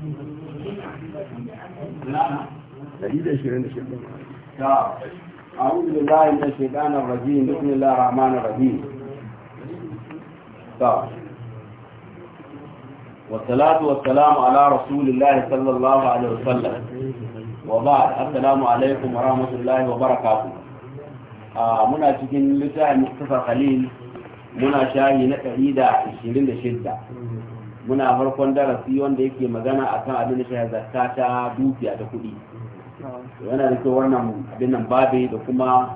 أعوذ بالله من الشيطان الرجيم بسم الله الرحمن الرحيم والصلاة والسلام على رسول الله صلى الله عليه وسلم وبعد السلام عليكم ورحمة الله وبركاته muna cikin littafin Mustafa Khalil muna shayi na 126 muna farkon darasi wanda yake magana a kan abin da shayar zakka ta dukiya da kuɗi yana da kyau wannan abin nan babe da kuma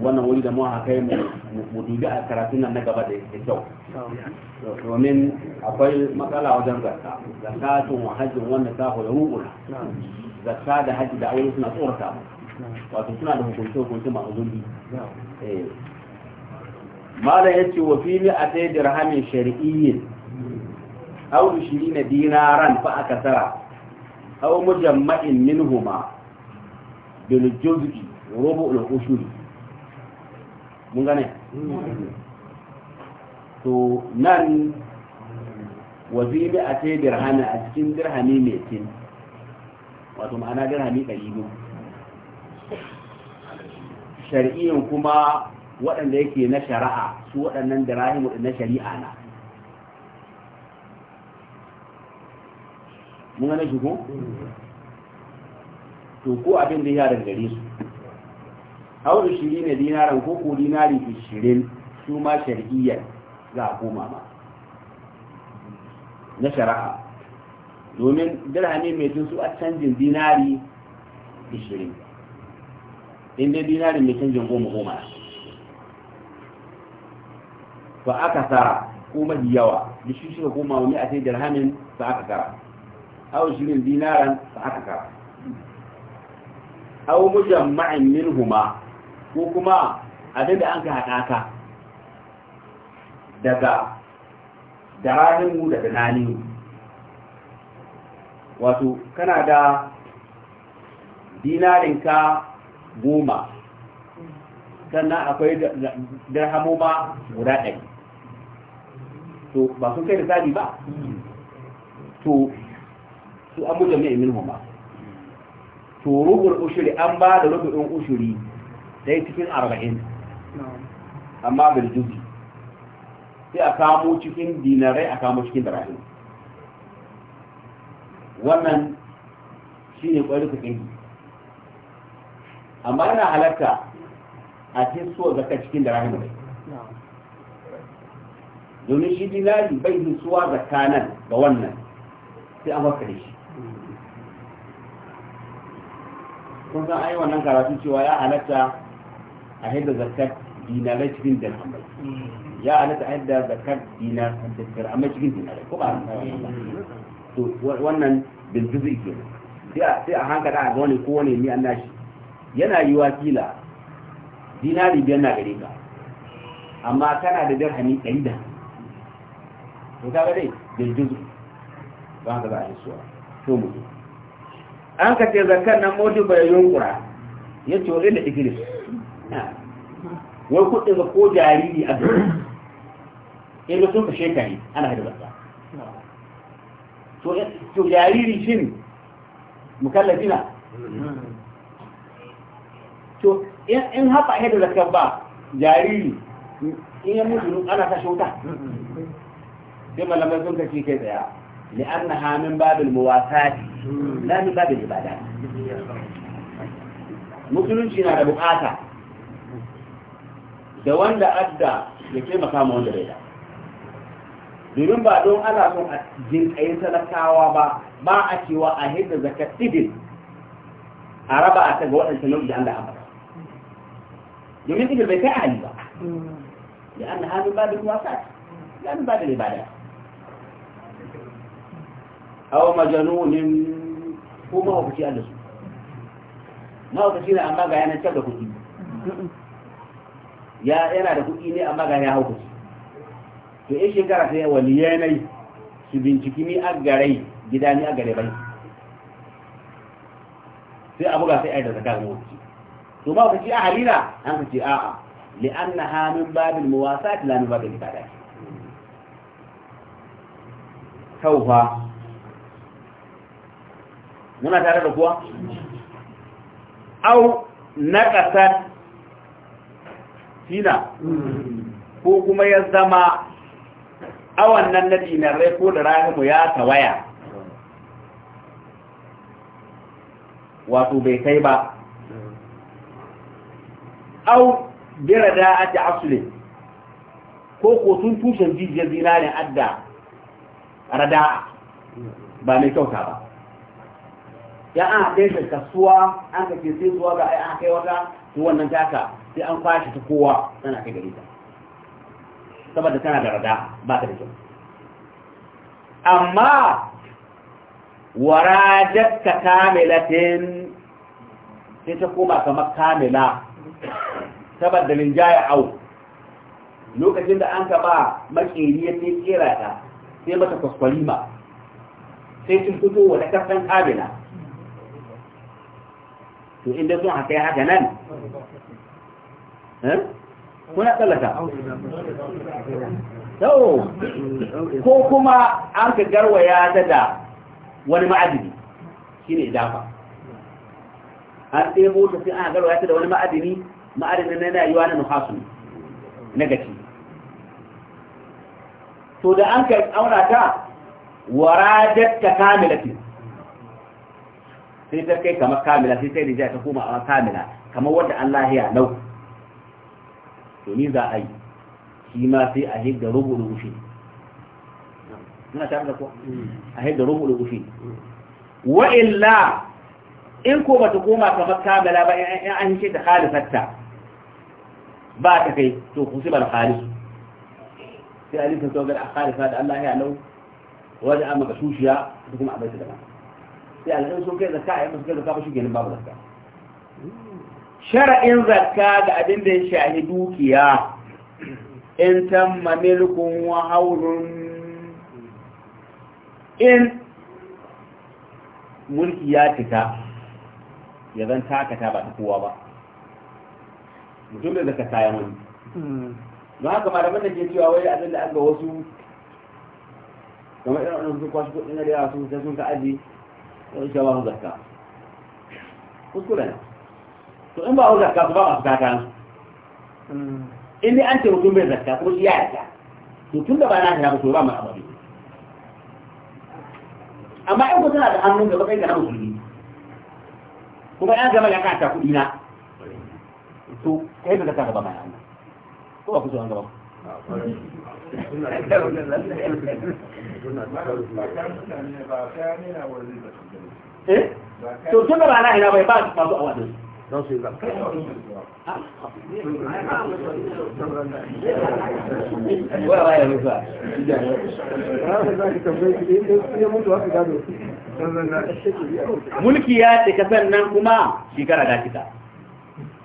wannan wuri da mu haka yi mu dubi a karatun nan na gaba da kyau domin akwai matsala wajen zakka zakka tun hajjin wanda ta hoya rubuna zakka da hajji da aure suna tsorata wato suna da hukunce hukunce masu zumbi eh. Malam ya ce wa fili a ta yi dirhamin shari'iyyin أو عشرين دينارا فأكثر أو مجمع منهما بالجزء ربع الأشهر mun gane to nan waziri a ce dirhami a cikin dirhami mai tin wato ma'ana dirhami ɗari biyu shari'in kuma waɗanda yake na shari'a su waɗannan dirhami na shari'a na mun gane shi ko to ko abin da ya dangare su hauru shiri ne dinaran ko ko dinari ishirin su ma shari'iyyar za a koma ma na shari'a domin dirhami mai tun su a canjin dinari ishirin inda dinari mai canjin goma goma ba aka tsara ko mafi yawa da shi suka koma wani a sai dirhamin ba aka tsara aw shirin dinaran fa aka kara aw mujamma'in minhuma ko kuma abin da an ka haɗaka daga dararinmu da dananinmu wato kana da dinarinka goma sannan akwai dirhamoma guda ɗari to ba sun kai da ba to su an mutum ne imin huma to rubur ushuri an ba da rubu'in ushuri dai cikin arba'in amma bil juzi sai a kamo cikin dinarai a kamo cikin dirahim wannan shine kwari ta ka ƙin amma ina halarta a cikin so zaka cikin dirahim ne domin shi dinari bai hisuwa zakka nan ga wannan sai an wakare shi kun san ai wannan karatu cewa ya halatta a hidda zakat dinarai cikin dirhamai ya halatta a hidda zakat dinar amma cikin dinarai ko ba to wannan bin zuzi ke sai a hankali a wani ko wani an annashi yana yi wa kila dinari biyar na gare ka amma kana da dirhami ɗari da to kaga dai bin zuzi ba haka za a yi suwa to mu an ka ce zakar nan modi bai yunkura ya ce wani da igris wai kudin ko jariri a duk da sun ka shekari ana haɗa zakka to jariri shin mukallafi na to in haɓa haɗa zakka ba jariri in yi mutu ana kashe wuta sai malamai sun ka shi kai tsaya لأنها من باب الموافاة لا من باب العبادات musulunci na da bukata da wanda adda ya taimaka ma wanda bai da domin ba don ana a jinkayin talakawa ba ba a cewa a hidda zakar a raba a ta ga waɗansu nan da Allah amara domin idin bai kai a hali ba da an halin ba da kuma sa ya ba aw majanunin ko ma hukunci Allah su ma ne amma ga yana da kuɗi ya yana da kuɗi ne amma ga ya hukunci to in shekara ta wani yanayi su binciki ni a garai gida ni a gare bai sai abu ga sai a yi da zakar mutunci to ma a halina an ka ce a'a لأنها من باب المواساة لا من باب الكفاية سوف muna tare da kuwa au na ƙasar fina ko kuma ya zama awan nan na dinarai ko da rahimu ya tawaya wato bai kai ba au bira da ake asule ko ko sun tushen jijiyar ne adda rada ba mai kyauta ba ya an haɗe shi kasuwa an ka ke zuwa ga an kai wata to wannan taka sai an kwashi ta kowa tana kai gari ta saboda tana da rada ba ta da kyau amma warajatka kamilatin sai ta koma kamar kamila saboda linjaya au lokacin da an ka ba makeri ya ce kera ta sai mata kwaskwalima sai sun fito wata kasan kamila to inda sun haka ya haka nan eh, kuna tsallaka sau ko kuma an ka garwaya ta da wani ma'adini shine idafa an ɗebo ta sai an garwaya ta da wani ma'adini ma'adinin na rayuwa na nuhasu na gaci to da an ka auna wara waradat ta kamilatin sai ta kai kamar kamila sai sai rijiya ta koma a kamila kamar wanda Allah ya lau to ni za a yi shi ma sai a hidda rubu da ushi ina tare da kuwa a hidda rubu ushi wa illa in ko ba ta koma kamar kamila ba in an ce ta khalifatta ba ta kai to ku bar khalisu sai alifin togar a khalifa da Allah ya lau wajen amma ga sushiya da kuma abaita da ba. sai alƙin sun kai zakka a yi kai zakka ba shi gelin babu zakka shara'in zakka ga abin da ya shahi dukiya in tamma milkun wa haurun in mulki ya cika ya zan takata ba ta kowa ba mutum da zaka taya wani don haka malaman da ke cewa wai abin da aka wasu kamar irin wani sun kwashi kudin da yawa sun sai sun ka aji وإن شاء الله زكاة اذكر هنا فإن بقى زكاة فقط زكاة إني أنت وكم بي زكاة قلت يا زكاة وكم دبا ناكي يا بسورة من أبابي أما إيه قلت أنا بحنون دبا إيه كنا مسلمين وما أنا زمان يقع تاكو إينا تو كيف زكاة دبا ما يعمل هو كسو عن دبا قلنا قلنا قلنا قلنا قلنا قلنا قلنا قلنا قلنا قلنا قلنا قلنا قلنا قلنا قلنا قلنا قلنا قلنا eh to tun da rana ina bai ba masu awa din don su yi zaka wa ba ya musa mulki ya ce kasan nan kuma shekara da kita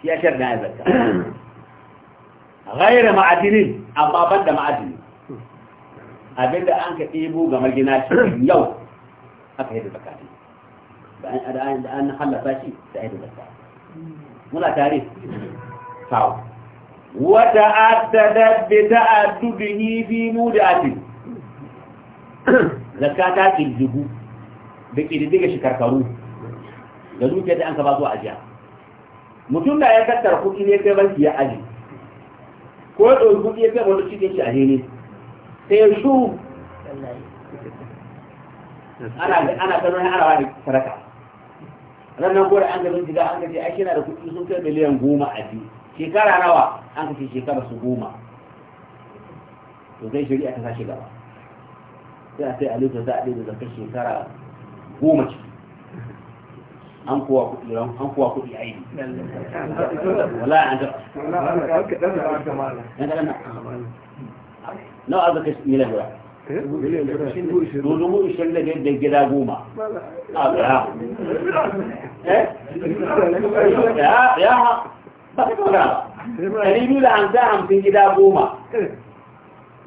ya shar da ya zakka ghaira ma'adinin amma ban da ma'adini abinda an ka ɗebo ga margina shi yau aka yi da zakati da an hallasa shi da aidu zakka muna tare kawo wata addada bi ta'addudihi fi mudati zakka ta kirjigu da kirjiga shi karkaru da dukiyar da an ka ba zuwa ajiya mutum da ya tattara kuɗi ne kai banki ya aji ko ya ɗauki kuɗi ya kai wani cikin shi a ne sai ya shuru ana ganin ana da sadaka ranar gora an gazin jiga an da kuɗi sun kai miliyan goma a biyu shekara nawa an kashe shekara su goma to zai shari'a ta sashi gaba sai a sai a lokacin za a ɗaya da zakar shekara goma ciki an kowa kuɗi ran an kowa kuɗi a yi an ga na a miliyan gora Eh? dubu ishirin ya ta eh? ɗari biyu da hamsin gida goma eh.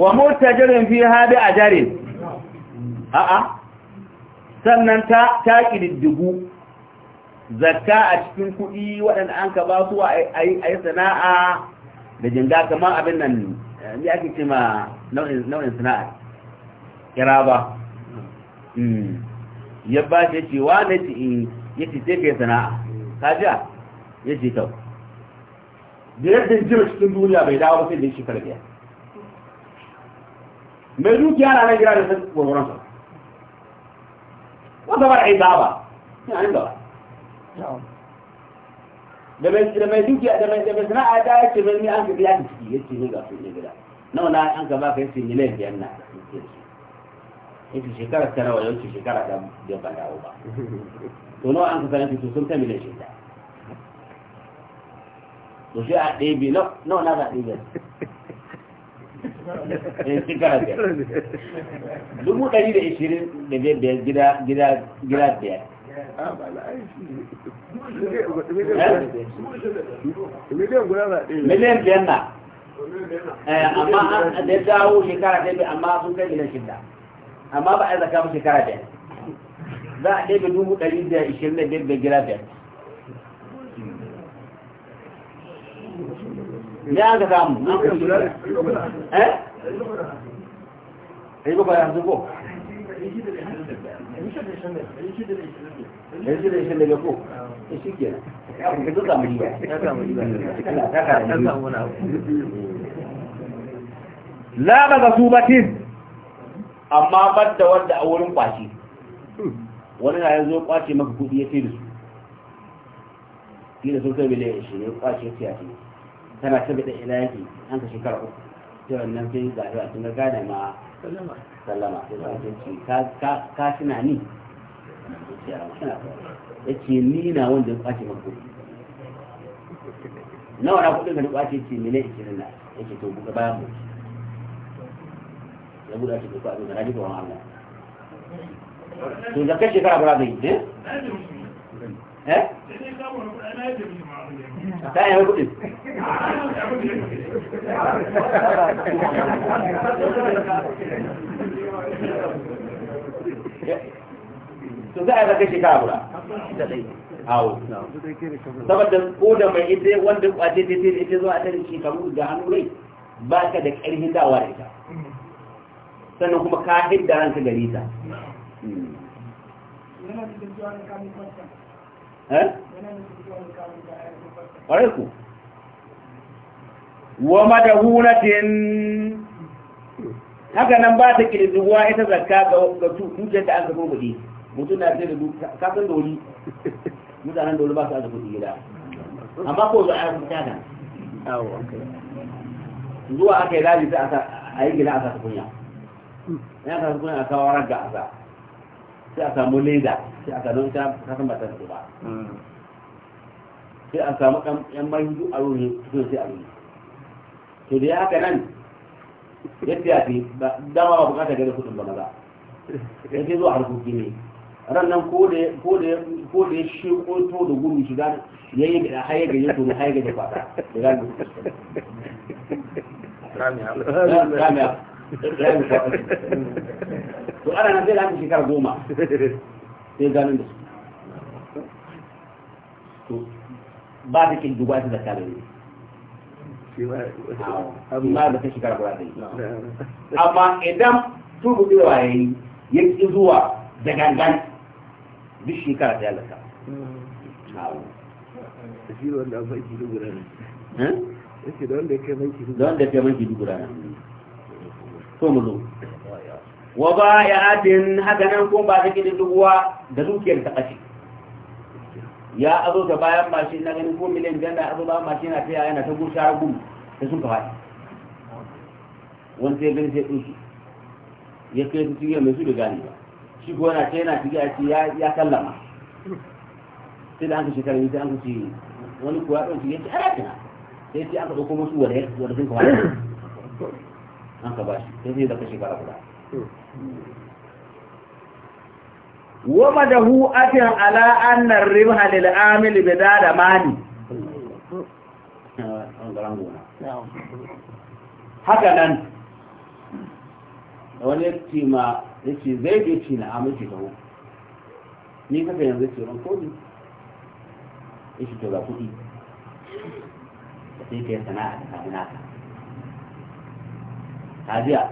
wa mutajirin fi haɗe a jare a'a sannan ta ƙididdigu zakka a cikin kuɗi waɗanda an ka ba su a yi sana'a da jinga kamar abin nan ya ake ce ma nau'in sana'a kira ba hmm. ya ba shi cewa na ce in ya ce sai kai sana'a ka jiya ya ce kyau da yadda jira cikin duniya bai dawo sai da shi karbiya mai dukiya na nan gida da sun gwargwaron sa wata bar ai zaba ina nan gaba da mai da mai dukiya da mai da mai sana'a da yake mai ni an ga biya ciki yace ne ga sun gida nawa na an ka baka yace ni lai biyan na yace shekara ta nawa yace shekara ta da ban dawo ba to nawa an ka sanin to sun ta miliyan shida to sai a ɗebe nawa na za a ɗebe Eh, dubu ɗari da ishirin da biyar gida gida gida biyar ah, eh, miliyan biyar na eh, amma da dawo shekara ɗaya bai amma sun kai miliyan shida amma ba a zaka ba shekara biyar za a ɗaya dubu ɗari da ishirin da biyar gida biyar ya ga samu eh ai ba ya zuko yanzu da shi daga ko shi ke ka ya ga samu la ba ga su batin amma badda wanda a wurin kwashi wani na yanzu ya kwace maka kudi ya fi da su fi da sun kai miliyan 20 ya kwace ya fiye tana ta bada ina an ka shekara uku sai wannan sai ga a cikin gane ma sallama ka ka ni ya ce ni na wanda ya kwace mako kuɗi nawa na kuɗin ka da kwace ce ne ikirin na ya ce to buga bayan mu ya buɗa ce ko abin da na ji wani Allah to zakar shekara ba za ka yi ne eh? eh ta yi kuɗi to za a zaka shekara guda awo saboda ko da mai ita wanda kwace ta tere ita zuwa ta rikici kamu ga hannu rai ba ka da ƙarfin dawa da ita sannan kuma ka hidda ranka gari ta hmm. ƙwarai eh? ku wa tin! haka nan ba ta kirzuwa ita zakka ga dukiyar da an zama kuɗi mutum na sai da ka kasan da wuri mutanen da wuri ba su da kuɗi gida amma ko zuwa ya fita kan zuwa aka yi zabi sai a yi gida a sa kunya ya sa kunya a kawo raga a sa sai a samu leda sai a samu ita kasan ba ta su ba sai a samu ɗan mahidu a ruri su sai a ruri to da ya haka nan ya tiyafi dama ba bukatar gari kudin ba maza ya ke zuwa harkoki ne ran nan ko da ya shi ko to da gudu gani ya yi da haye ga yin turu haye da kwata da gani kamiya to ana nan zai lafi shekara goma sai ganin da su to ba ta kin duba ta da kalori amma da ta shekara guda da yi amma idan tubu ɗewa ya yi ya ƙi zuwa da gangan duk shekara ta yalaka shi eh? wanda ya kai manki duk guda ne so wa ba ya atin haka nan kun ba ta kiɗin duguwa da dukiyar ta kashi ya azo ta bayan mashin na ganin ko miliyan biyar da azo bayan mashin na ta yaya na ta gusha gum ta sun kawai wani sai gani sai ɗinsu ya kai su cikin mai su da gani ba shi ko yana ta yana cikin a ce ya kallama sai da an ka shekara yi sai an ka wani kuwa ɗauki ya ce ana tana sai ce an ka ɗauko masu wadda sun kawai an ka shi sai zai zaka shekara guda hmm. wa madahu atin ala anna ribha lil amil Dada mani haka nan wani tima ma yake zai ga ci na amince da ni haka yanzu ce ran kodi yake to ga kuɗi sai ke sana'a da kamunaka tajiya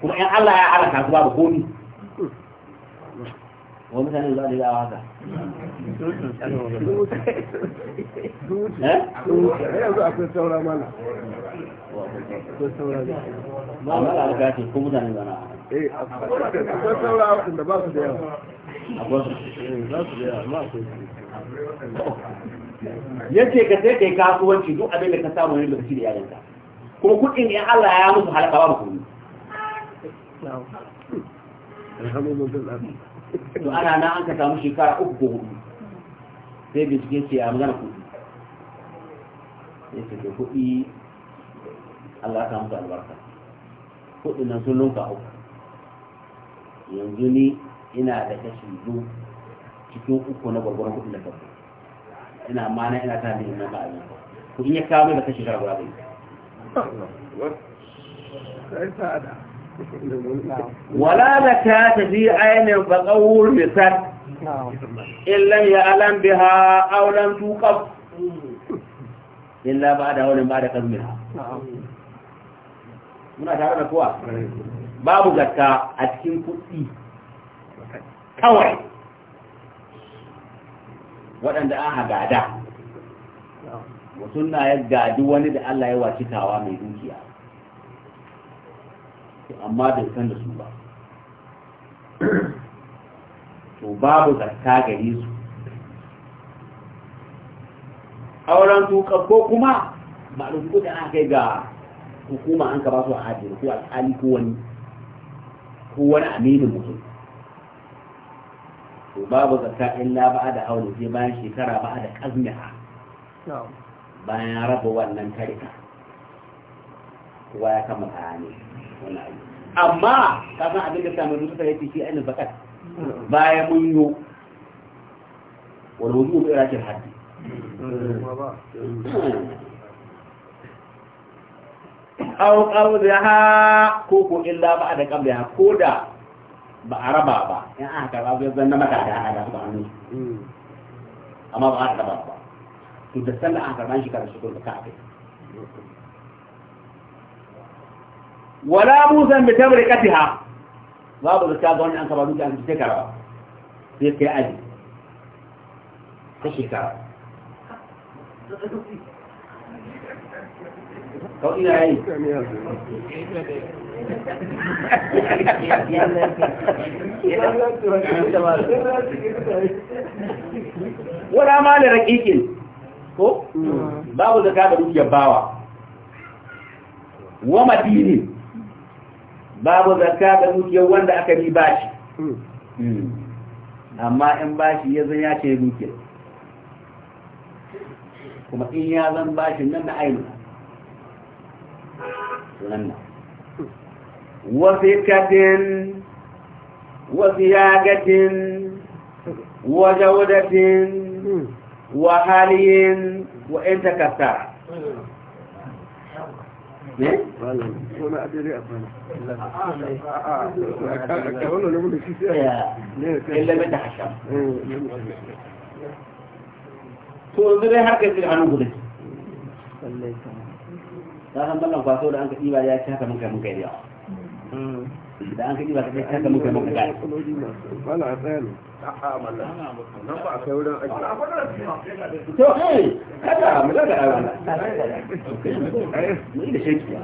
kuma in Allah ya halaka su babu komi wa mutane za da yawa haka eh? Eh? yanzu akwai ce ko mutane eh, yace ka sai kai kasuwanci duk abin da ka samu ne lokaci da yayanka ko kuɗin in Allah ya musu halaka ba mu to ana na an ka samu shekara uku ko hudu sai bincike ce ya magana kuɗi yake da kuɗi Allah ta musu albarka kuɗin nan sun lunka uku yanzu ni ina da kashi biyu cikin uku na gwargwaron kuɗin da kafa ina mana ina ta da yin nan ba kuɗin ya kawo mai da kashi shara guda bai ولا لك في عين فقور مثل إن لم يعلم بها أو لم توقف إلا بعد أول بعد قدمها من tare da باب babu zakka a cikin kuɗi kawai waɗanda mutum na ya gadi wani da Allah ya waci tawa mai dukiya amma bai san da su ba to babu zarta gare su auren tuka ko kuma ba da aka kai ga hukuma an ka ba su a hajji ko alƙali ko wani ko wani aminin mutum to babu zakka illa ba da aure sai bayan shekara ba da kazmiha bayan raba wannan tarika kowa ya kama kane amma kasan abin da samun rusa ya fi shi ainihin zakat bayan mun yi wani wuzu da irakin haddi au qardaha ko ko illa ba da qabla ko da ba a raba ba in aka karba zan na maka da hada ba amma ba a raba ba ولا بوسا بتبركتها لا بوسا كاظون أن تبادوك أن تشكرا في كأجل تشكرا ولا مال رقيق ko babu zaka da dukiyar bawa wa madini babu zaka da dukiyar wanda aka yi bashi hmm. amma in bashi ya zan ya ce dukiyar kuma in ya zan bashi nan da ainihin sunan nan وثكة وزيادة وجودة wa haliyin wa in takasa ne? to hannun ta san ballon kwaso da an ka ɗiba ya ci haka mun da an kaɗi ba kaɗai kasa muka muka gani. Bala a tsaye ne. A'a malla. Nan ba a kai wurin aiki. To eh kada mu da ga aure. Mu da sheki.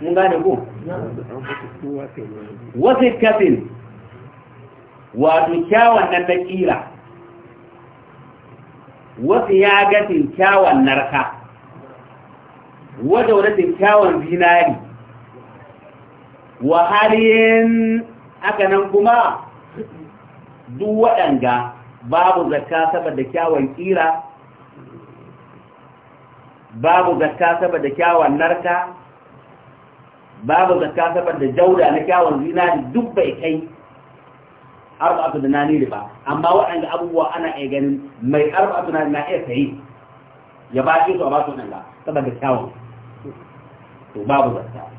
Mun gane ko? Wasu kafin wato kyawun nan na kira. Wasu ya gatin kyawun narka. Wajen wadatin kyawun zinari. wa halin aka nan kuma duk waɗanga babu zakka saboda kyawun kira babu zakka saboda kyawun narka babu zakka saboda jauda na kyawun zinari duk bai kai arba'atu da nani ba amma waɗanda abubuwa ana iya ganin mai arba'atu na na iya sayi ya ba shi su a ba su waɗanda saboda kyawun to babu zakka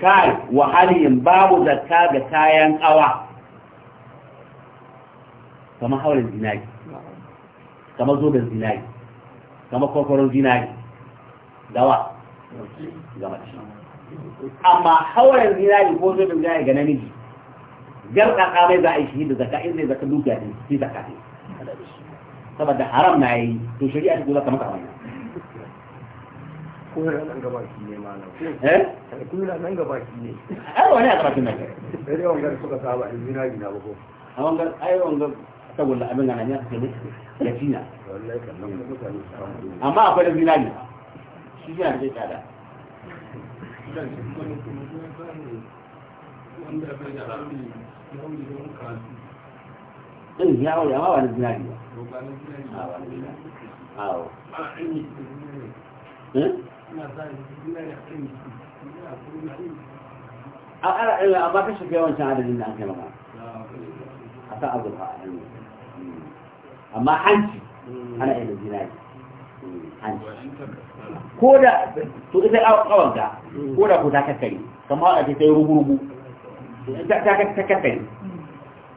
kai wa halin babu zakka ga kayan kawa kamar haurin zinari kamar zoben zinari kamar kwakwaron zinari gawa ga amma haurin zinari ko zoben zinari ga namiji gar garɗaɗa mai za a yi shi da zakka in zai zaka dukiya ne shi zakka ne saboda haram na yi to shari'a ta kula kamar kamar kuna nan gaba ki ne malam eh kuna nan gaba ki ne ai wani a karatun nan sai dai wangar suka saba in zina gina ba ko a wangar ai wangar saboda abin nan ya kace ne ya tina wallahi kallon mutane amma akwai da zina ne shi da tsada ɗin ya aure amma ba na zinari ba. a ƙara ila ba ka shiga yawancin adadin da an kai magana a ta azurfa a hannu hmm. amma hanci hmm. ana iya da zinari hmm, hanci ko da to ita ƙawanta ko da ko ta kakkari kamar a ta yi rugu ta kakkari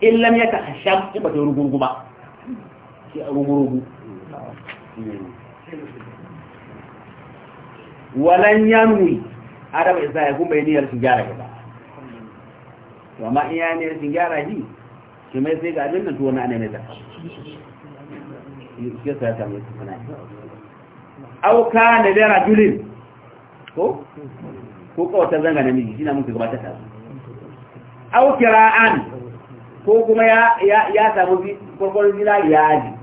in lam ya ta hasham ba ta yi rugu-rugu ba rugu-rugu walan yanwi araba isa ya kuma niyyar su gyara gaba to amma in ya niyyar su gyara shi shi mai sai ga abin nan tuwa wani ne mai zaka shi sai ta mai tsana da rajulin ko ko kawata zanga namiji shi na muka gabatar ta su Aukira an, ko kuma ya ya samu bi korkorin ya aji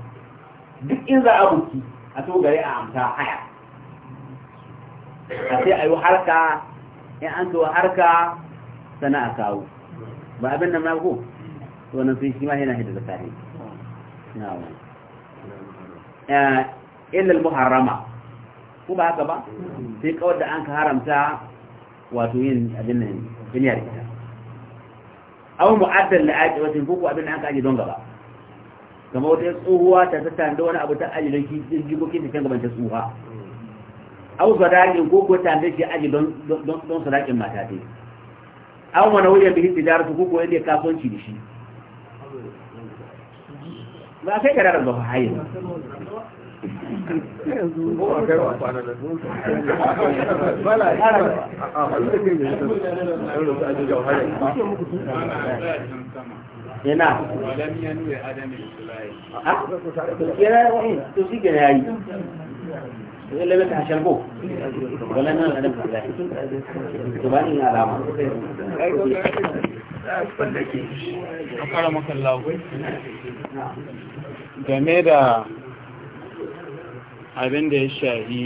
duk in za a buki a to a amsa haya a sai harka in an kawo harka sana a kawo ba abin na ko to wannan sun shi ma yana hidda zakari na'am illa al-muharrama ko ba haka ba sai kawar da an ka haramta wato yin abin nan duniyar ita aw mu'addal li aqibatin ko ko abin da an ka aji don gaba kamar wata tsohuwa ta tattanda wani abu ta aje don ki jikokin ta can gaban ta tsohuwa au sadaqin ko ko ta da shi aji don don don sadaqin mata dai au mana wajen bihi tijaratu ko ko yadda kasuwanci da shi ba kai kada da zuwa hayin yana to shi ke yayi lalle mai hashen ko wala nan da nan to ba ni alama kai ko kai da da abin da ya shahi